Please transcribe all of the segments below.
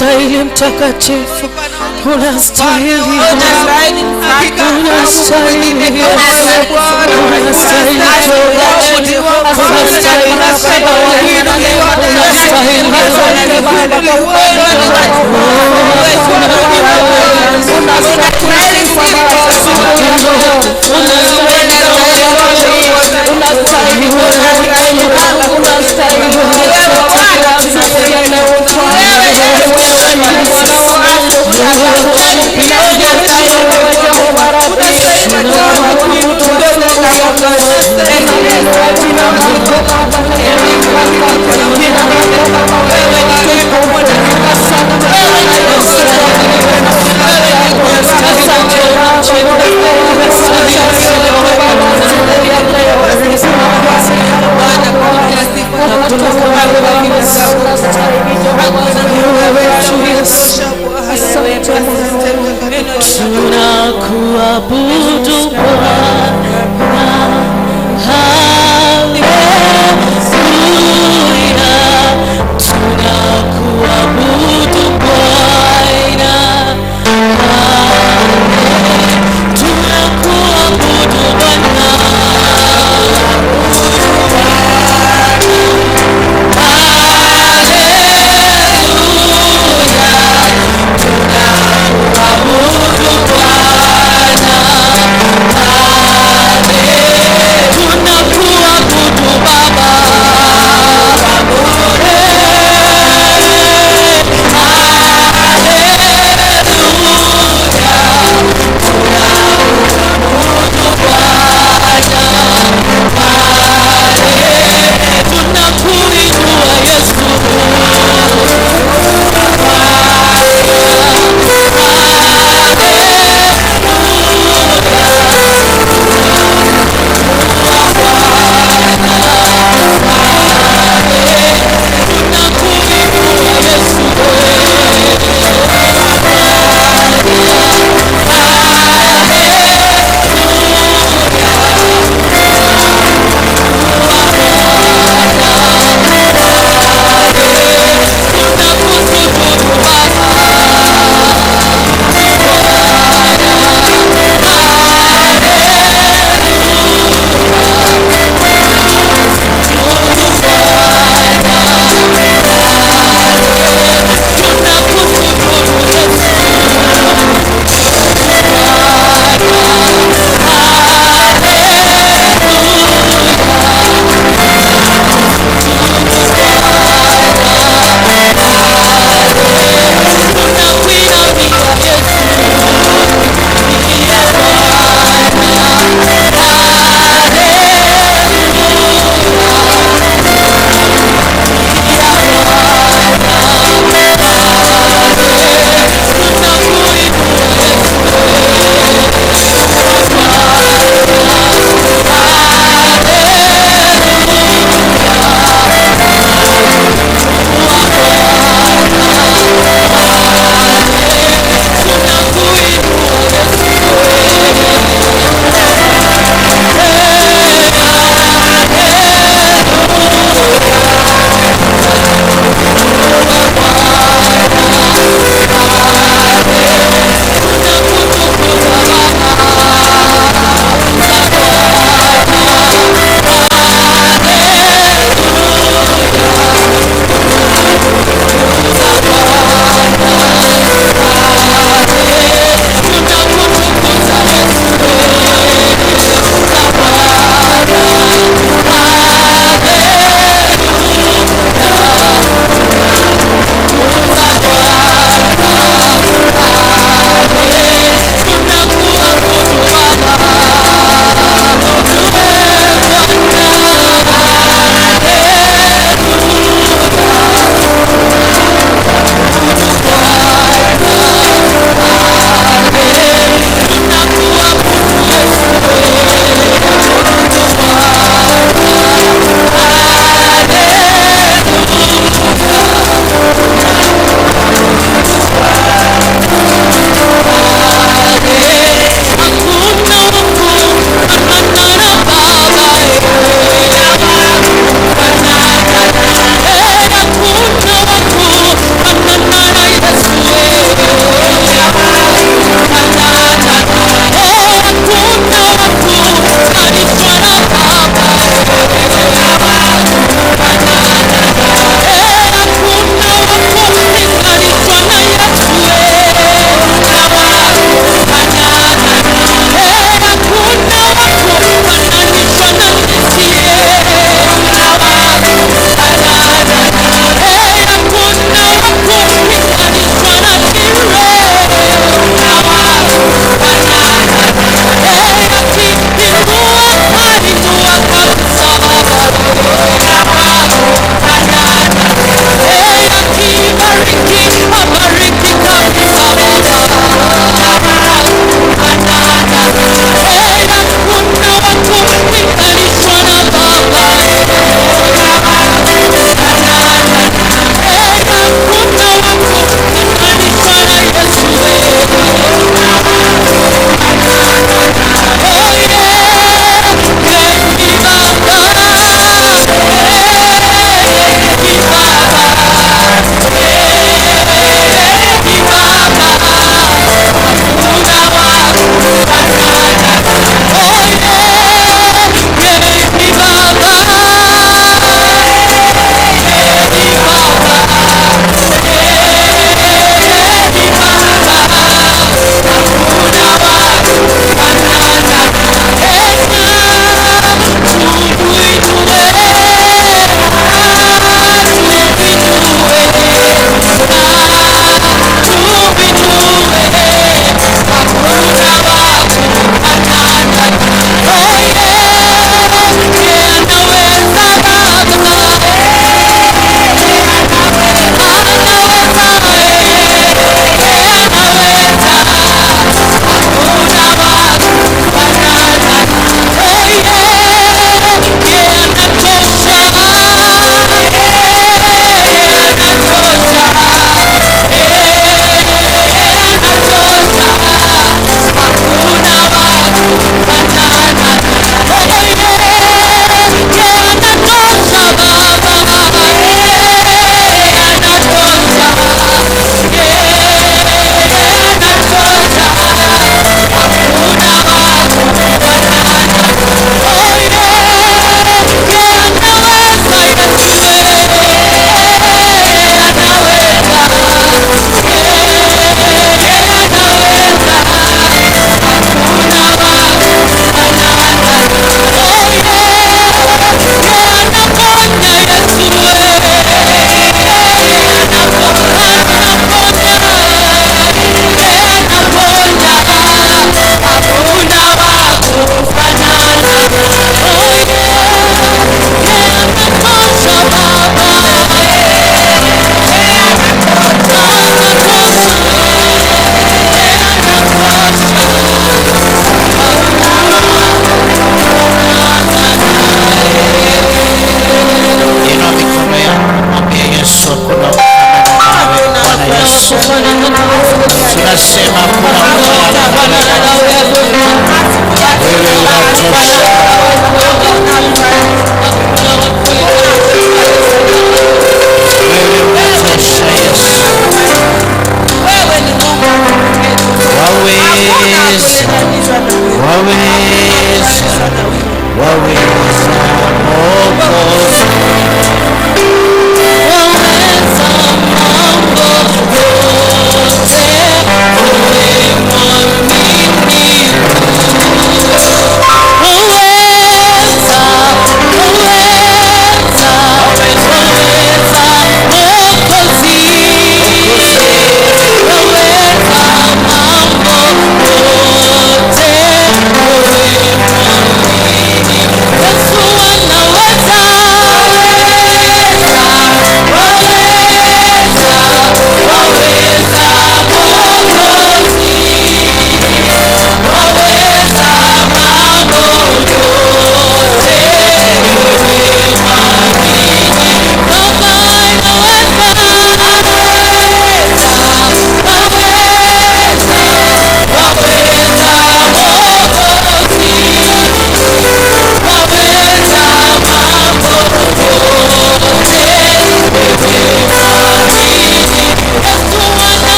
Unastahili mtakatifu, unastahili, unastahili, unastahili, unastahili Sister and the sister and the sister and the sister and the sister and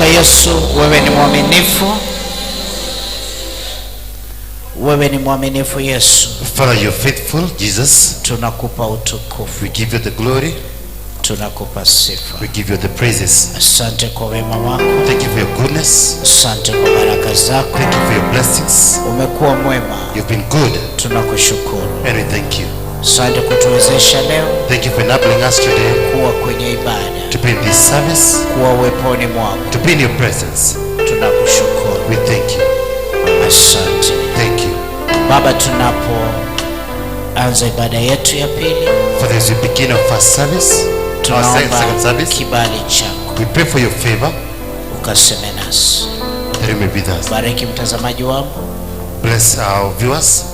Bwana Yesu, wewe ni mwaminifu, wewe ni mwaminifu Yesu. Father, you faithful Jesus. Tunakupa utukufu. We give you the glory. Tunakupa sifa. We give you the praises. Asante kwa wema wako. Thank you for your goodness. Asante kwa baraka zako. Thank you for your blessings. Umekuwa mwema. You've been good. Tunakushukuru. And we thank you. Asante kutuwezesha leo. Thank you for enabling us today. Kuwa kwenye ibada. To be in this service. Kuwa uweponi mwako. To be in your presence. Tunakushukuru. We thank you. Asante. Thank you. Baba, tunapoanza ibada yetu ya pili. For this beginning of our service. Tunaomba kibali chako. We pray for your favor. Ukaseme nasi. That you may be with us. Bariki mtazamaji wangu. Bless our viewers.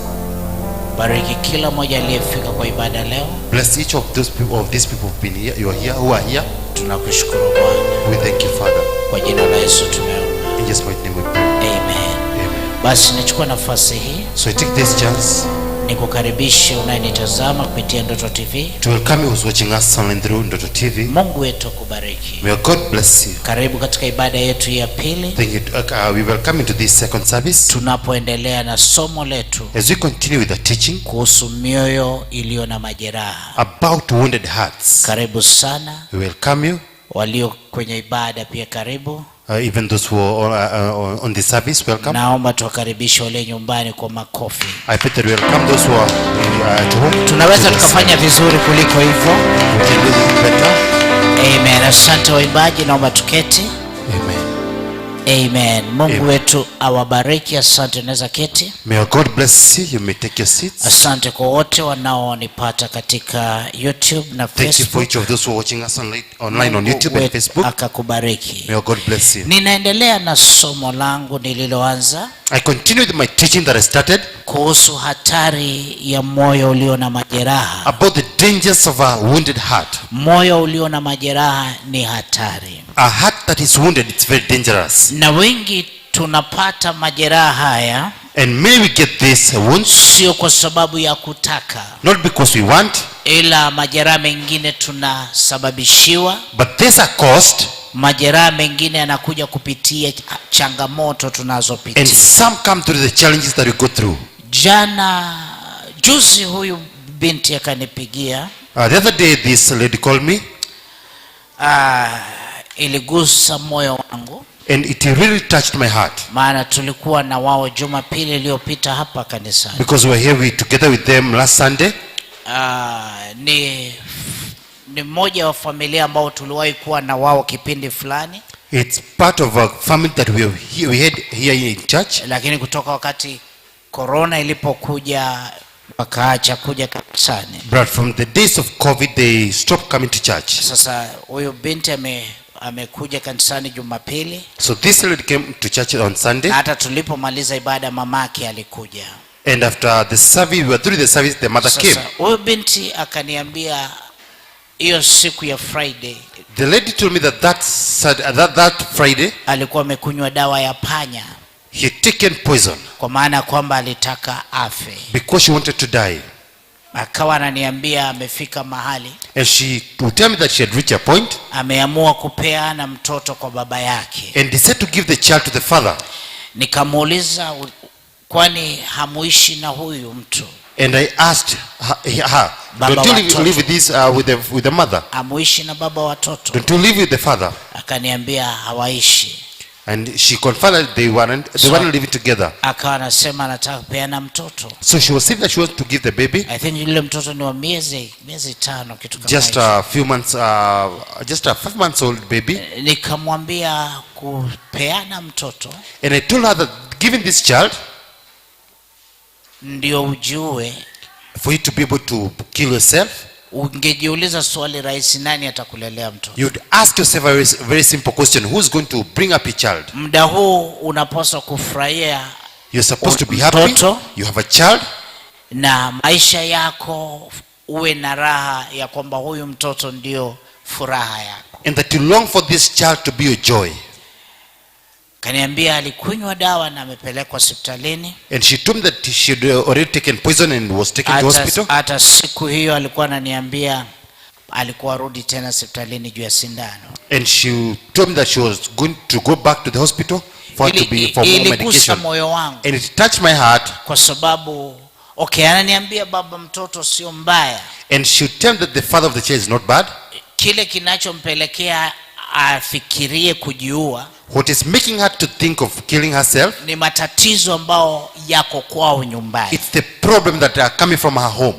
Bariki kila mmoja aliyefika kwa ibada leo. Bless each of those people of these people who've been here, you are here, who are here. Tunakushukuru Bwana. We thank you Father. Kwa jina la Yesu tumeomba. In Jesus name we pray. Amen. Amen. Basi nichukua nafasi hii. So I take this chance. Nikukaribishe unayenitazama kupitia Ndoto TV. To welcome you watching us online through Ndoto TV. Mungu wetu kubariki. May God bless you. Karibu katika ibada yetu ya pili. Thank you. Uh, uh we welcome you to this second service. Tunapoendelea na somo letu. As we continue with the teaching. Kuhusu mioyo iliyo na majeraha. About wounded hearts. Karibu sana. We welcome you. Walio kwenye ibada pia karibu. Uh, even those who are all, uh, uh, on the service, welcome. Naomba tuwakaribishe wale nyumbani kwa makofi. I pray that welcome those who are uh, at home. Tunaweza tukafanya vizuri kuliko hivyo. Amen. Asante waimbaji, naomba tuketi. Amen. Mungu Amen wetu awabariki. Asante, unaweza keti. May God bless you. You may take your seats. Asante kwa wote wanaonipata katika YouTube na Facebook. Thank you for each of those who are watching us online, online on YouTube and Facebook. Akakubariki. May God bless you. Ninaendelea na somo langu nililoanza I continued my teaching that I started kuhusu hatari ya moyo ulio na majeraha about the dangers of a wounded heart. Moyo ulio na majeraha ni hatari. A heart that is wounded it's very dangerous. Na wengi tunapata majeraha haya and may we get this wounds, sio kwa sababu ya kutaka, not because we want, ila majeraha mengine tunasababishiwa, but there's a cost majeraha mengine yanakuja kupitia changamoto tunazopitia and some come through the challenges that you go through jana juzi huyu binti akanipigia uh, the other day this lady called me uh, iligusa moyo wangu and it really touched my heart maana tulikuwa na wao jumapili iliyopita hapa kanisani because we were here we, together with them last sunday uh, ni ni mmoja wa familia ambao tuliwahi kuwa na wao kipindi fulani. It's part of a family that we have, we had here in church. Lakini kutoka wakati corona ilipokuja wakaacha kuja kanisani. But from the days of COVID they stopped coming to church. Sasa huyo binti ame amekuja kanisani Jumapili. So this lady came to church on Sunday. Hata tulipomaliza ibada mamake alikuja. And after the service, we were through the service, the mother Sasa, came. Huyo binti akaniambia hiyo siku ya Friday the lady told me that that, uh, that, that Friday alikuwa amekunywa dawa ya panya he taken poison kwa maana kwamba alitaka afe because she wanted to die akawa ananiambia amefika mahali and she would tell me that she had reached a point ameamua kupeana mtoto kwa baba yake and he said to give the child to the father nikamuuliza kwani hamuishi na huyu mtu and i asked her, her baba Don't you watoto. live this uh, with the with the mother? Amuishi na baba watoto. Don't you live with the father? Akaniambia hawaishi. And she confirmed they weren't they so, weren't living together. Akawa anasema anataka kupeana mtoto. So she was saying that she wants to give the baby. I think yule mtoto ni wa miezi miezi tano kitu kama Just a few months uh, just a five months old baby. Eh, nikamwambia kupeana mtoto. And I told her that giving this child ndio ujue for you to be able to kill yourself ungejiuliza swali rahisi nani atakulelea mtoto you'd ask yourself a very, simple question who's going to bring up a child muda huu unapaswa kufurahia you're supposed to be happy mtoto. you have a child na maisha yako uwe na raha ya kwamba huyu mtoto ndio furaha yako and that you long for this child to be your joy Kaniambia alikunywa dawa na amepelekwa hospitalini. And she told me that she had already taken poison and was taken to hospital. Hata siku hiyo alikuwa ananiambia alikuwa rudi tena hospitalini juu ya sindano. And she told me that she was going to go back to the hospital for to be for more medication. Moyo wangu. And it touched my heart. Kwa sababu okay, ananiambia baba mtoto sio mbaya. And she told me that the father of the child is not bad. Kile kinachompelekea afikirie kujiua What is making her to think of killing herself? Ni matatizo ambayo yako kwao nyumbani. It's the problem that are coming from her home.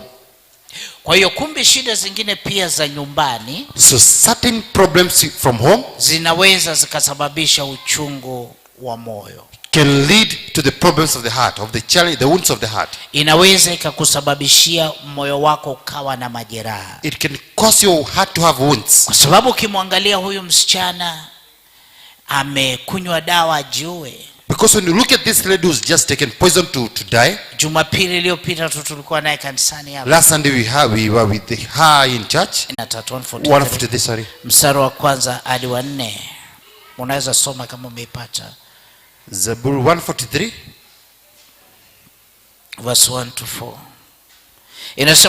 Kwa hiyo kumbe shida zingine pia za nyumbani. So certain problems from home zinaweza zikasababisha uchungu wa moyo. Can lead to the problems of the heart, of the challenge, the wounds of the heart. Inaweza ikakusababishia moyo wako ukawa na majeraha. It can cause your heart to have wounds. Kwa sababu ukimwangalia huyu msichana amekunywa dawa ajue because when you look at this lady who's just taken poison to, to die jumapili iliyopita tu tulikuwa naye kanisani hapa last sunday we, have, we were with her in church 143 sorry wa kwanza hadi wa nne unaweza soma kama umeipata zaburi 143 verse 1 to 4 inasema